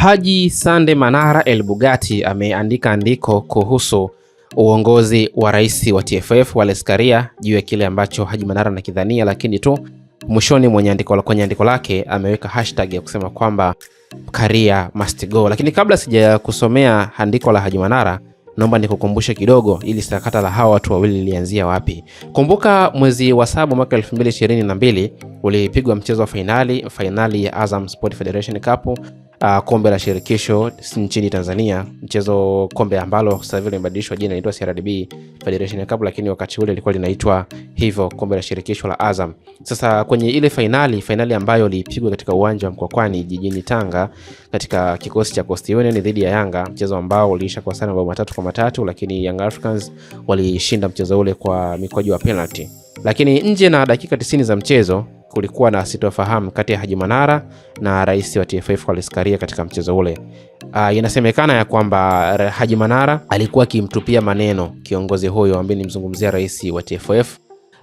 Haji Sande Manara El Bugati ameandika andiko kuhusu uongozi wa rais wa TFF Wallace Karia juu ya kile ambacho Haji Manara anakidhania, lakini tu mwishoni mwenye andiko, kwenye andiko lake ameweka hashtag ya kusema kwamba Karia must go. Lakini kabla sijakusomea andiko la Haji Manara, naomba nikukumbushe kidogo ili sakata la hawa watu wawili lilianzia wapi. Kumbuka mwezi wa saba mwaka 2022 ulipigwa mchezo wa fainali fainali ya Azam Sport Federation Cup uh, kombe la shirikisho nchini Tanzania, mchezo kombe ambalo sasa hivi limebadilishwa jina linaitwa CRDB Federation Cup, lakini wakati ule lilikuwa linaitwa hivyo kombe la shirikisho la Azam. Sasa kwenye ile fainali fainali ambayo ilipigwa katika uwanja wa Mkwakwani jijini Tanga katika kikosi cha Coast Union dhidi ya Yanga, mchezo ambao uliisha kwa sare mabao matatu kwa matatu, lakini Young Africans walishinda mchezo ule kwa mikwaju wa penalty. Lakini nje na dakika 90 za mchezo kulikuwa na sitofahamu kati ya Haji Manara na rais wa TFF Wallace Karia katika mchezo ule. Uh, inasemekana ya kwamba Haji Manara alikuwa akimtupia maneno kiongozi huyo ambaye nimzungumzia rais wa TFF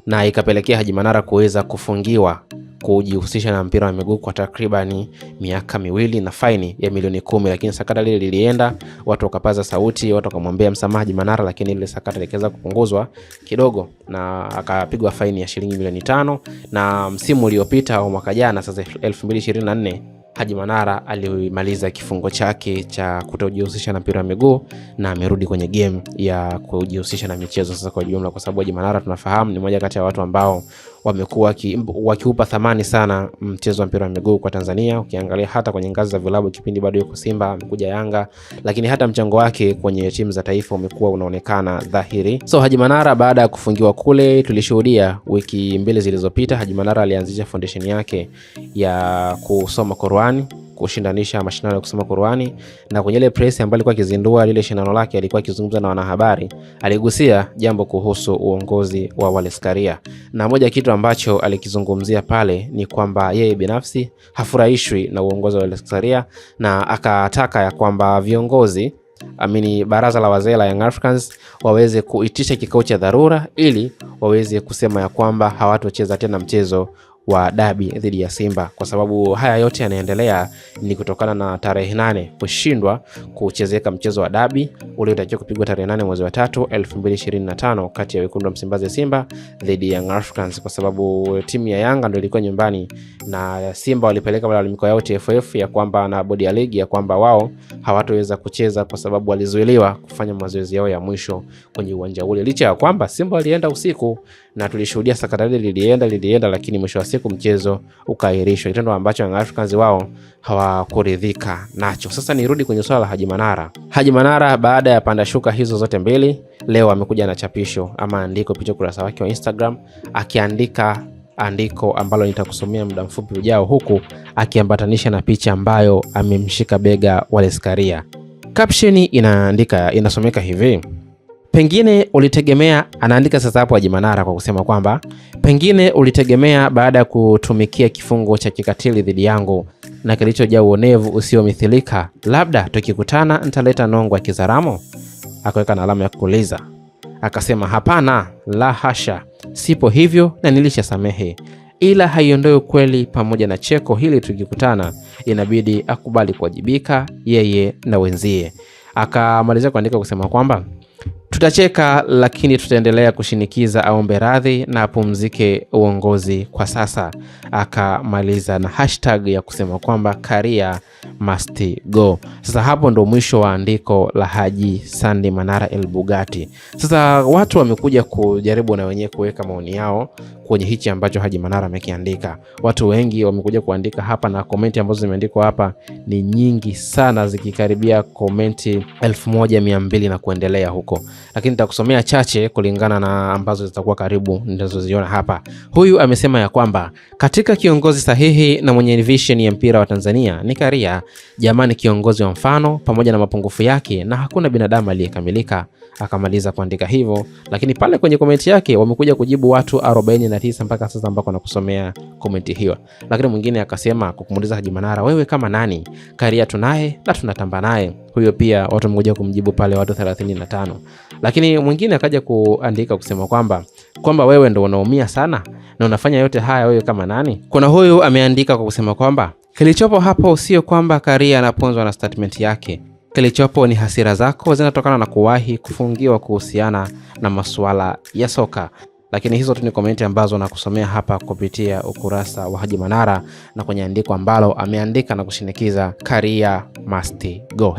na ikapelekea Haji Manara kuweza kufungiwa kujihusisha na mpira wa miguu kwa takribani miaka miwili na faini ya milioni kumi. Lakini sakata lile lilienda, watu wakapaza sauti, watu wakamwambia msamaha Haji Manara, lakini ile sakata likaweza kupunguzwa kidogo na akapigwa faini ya shilingi milioni tano. Na msimu uliopita au mwaka jana, sasa 2024 Haji Manara alimaliza kifungo chake cha kutojihusisha na mpira wa miguu na amerudi kwenye game ya kujihusisha na michezo sasa kwa jumla, kwa sababu Haji Manara tunafahamu ni moja kati ya watu ambao wamekuwa wakiupa thamani sana mchezo wa mpira wa miguu kwa Tanzania. Ukiangalia hata kwenye ngazi za vilabu, kipindi bado yuko Simba, amekuja Yanga, lakini hata mchango wake kwenye timu za taifa umekuwa unaonekana dhahiri. So Haji Manara baada ya kufungiwa kule, tulishuhudia wiki mbili zilizopita, Haji Manara alianzisha foundation yake ya kusoma Qur'ani kushindanisha mashindano ya kusoma Qur'ani, na kwenye ile press ambayo alikuwa akizindua lile shindano lake, alikuwa akizungumza na wanahabari, aligusia jambo kuhusu uongozi wa Waleskaria, na moja kitu ambacho alikizungumzia pale ni kwamba yeye binafsi hafurahishwi na uongozi wa Waleskaria, na akataka ya kwamba viongozi amini baraza la wazee la Young Africans waweze kuitisha kikao cha dharura ili waweze kusema ya kwamba hawatocheza tena mchezo wa dabi dhidi ya Simba, kwa sababu haya yote yanaendelea ni kutokana na tarehe nane kushindwa kuchezeka mchezo wa dabi uliotakiwa kupigwa tarehe nane mwezi wa tatu 2025 kati ya wekundu wa Msimbazi Simba dhidi ya Africans, kwa sababu timu ya Yanga ndio ilikuwa nyumbani na Simba walipeleka malalamiko yao TFF ya kwamba na bodi ya ligi ya kwamba wao hawatoweza kucheza kwa sababu walizuiliwa kufanya mazoezi yao ya mwisho kwenye uwanja ule, licha ya kwamba Simba walienda usiku na tulishuhudia sakatari lilienda lilienda, lakini mwisho wa siku mchezo ukaahirishwa, kitendo ambacho Young Africans wao hawakuridhika nacho. Sasa nirudi kwenye swala la Haji Manara. Haji Manara baada ya panda shuka hizo zote mbili, leo amekuja na chapisho ama andiko kupitia ukurasa wake wa Instagram akiandika andiko ambalo nitakusomea muda mfupi ujao, huku akiambatanisha na picha ambayo amemshika bega Wallace Karia. Caption inaandika inasomeka hivi: pengine ulitegemea. Anaandika sasa hapo Haji Manara kwa kusema kwamba Pengine ulitegemea baada ya kutumikia kifungo cha kikatili dhidi yangu na kilichojaa uonevu usiomithilika, labda tukikutana ntaleta nongo ya Kizaramo? Akaweka na alama ya kuuliza. Akasema, hapana, la hasha, sipo hivyo na nilishasamehe, ila haiondoi ukweli pamoja na cheko hili, tukikutana inabidi akubali kuwajibika yeye na wenzie. Akamalizia kuandika kusema kwamba Tutacheka lakini tutaendelea kushinikiza aombe radhi na apumzike uongozi kwa sasa, akamaliza na hashtag ya kusema kwamba Karia must go. Sasa hapo ndo mwisho wa andiko la Haji Sandi Manara El bugati Sasa watu wamekuja kujaribu na wenyewe kuweka maoni yao kwenye hichi ambacho Haji Manara amekiandika. Watu wengi wamekuja kuandika hapa na komenti ambazo zimeandikwa hapa ni nyingi sana, zikikaribia komenti elfu moja mia mbili na kuendelea huko lakini nitakusomea chache kulingana na ambazo zitakuwa karibu ninazoziona hapa. Huyu amesema ya kwamba katika kiongozi sahihi na mwenye vision ya mpira wa Tanzania ni Karia. Jamani, kiongozi wa mfano pamoja na mapungufu yake, na hakuna binadamu aliyekamilika. Akamaliza kuandika hivyo, lakini pale kwenye komenti yake wamekuja kujibu watu 49 mpaka sasa ambako nakusomea komenti hiyo, lakini mwingine akasema kwa kumuuliza Haji Manara, wewe kama nani? Karia tunaye na tunatamba naye. Huyo pia watu wamekuja kumjibu pale watu 35. Lakini mwingine akaja kuandika kusema kwamba kwamba wewe ndo unaumia sana na unafanya yote haya wewe kama nani? Kuna huyu ameandika kwa kusema kwamba kilichopo hapo sio kwamba Karia anaponzwa na statement yake. Kilichopo ni hasira zako zinatokana na kuwahi kufungiwa kuhusiana na masuala ya soka. Lakini hizo tu ni komenti ambazo nakusomea hapa kupitia ukurasa wa Haji Manara na kwenye andiko ambalo ameandika na kushinikiza Karia masti go.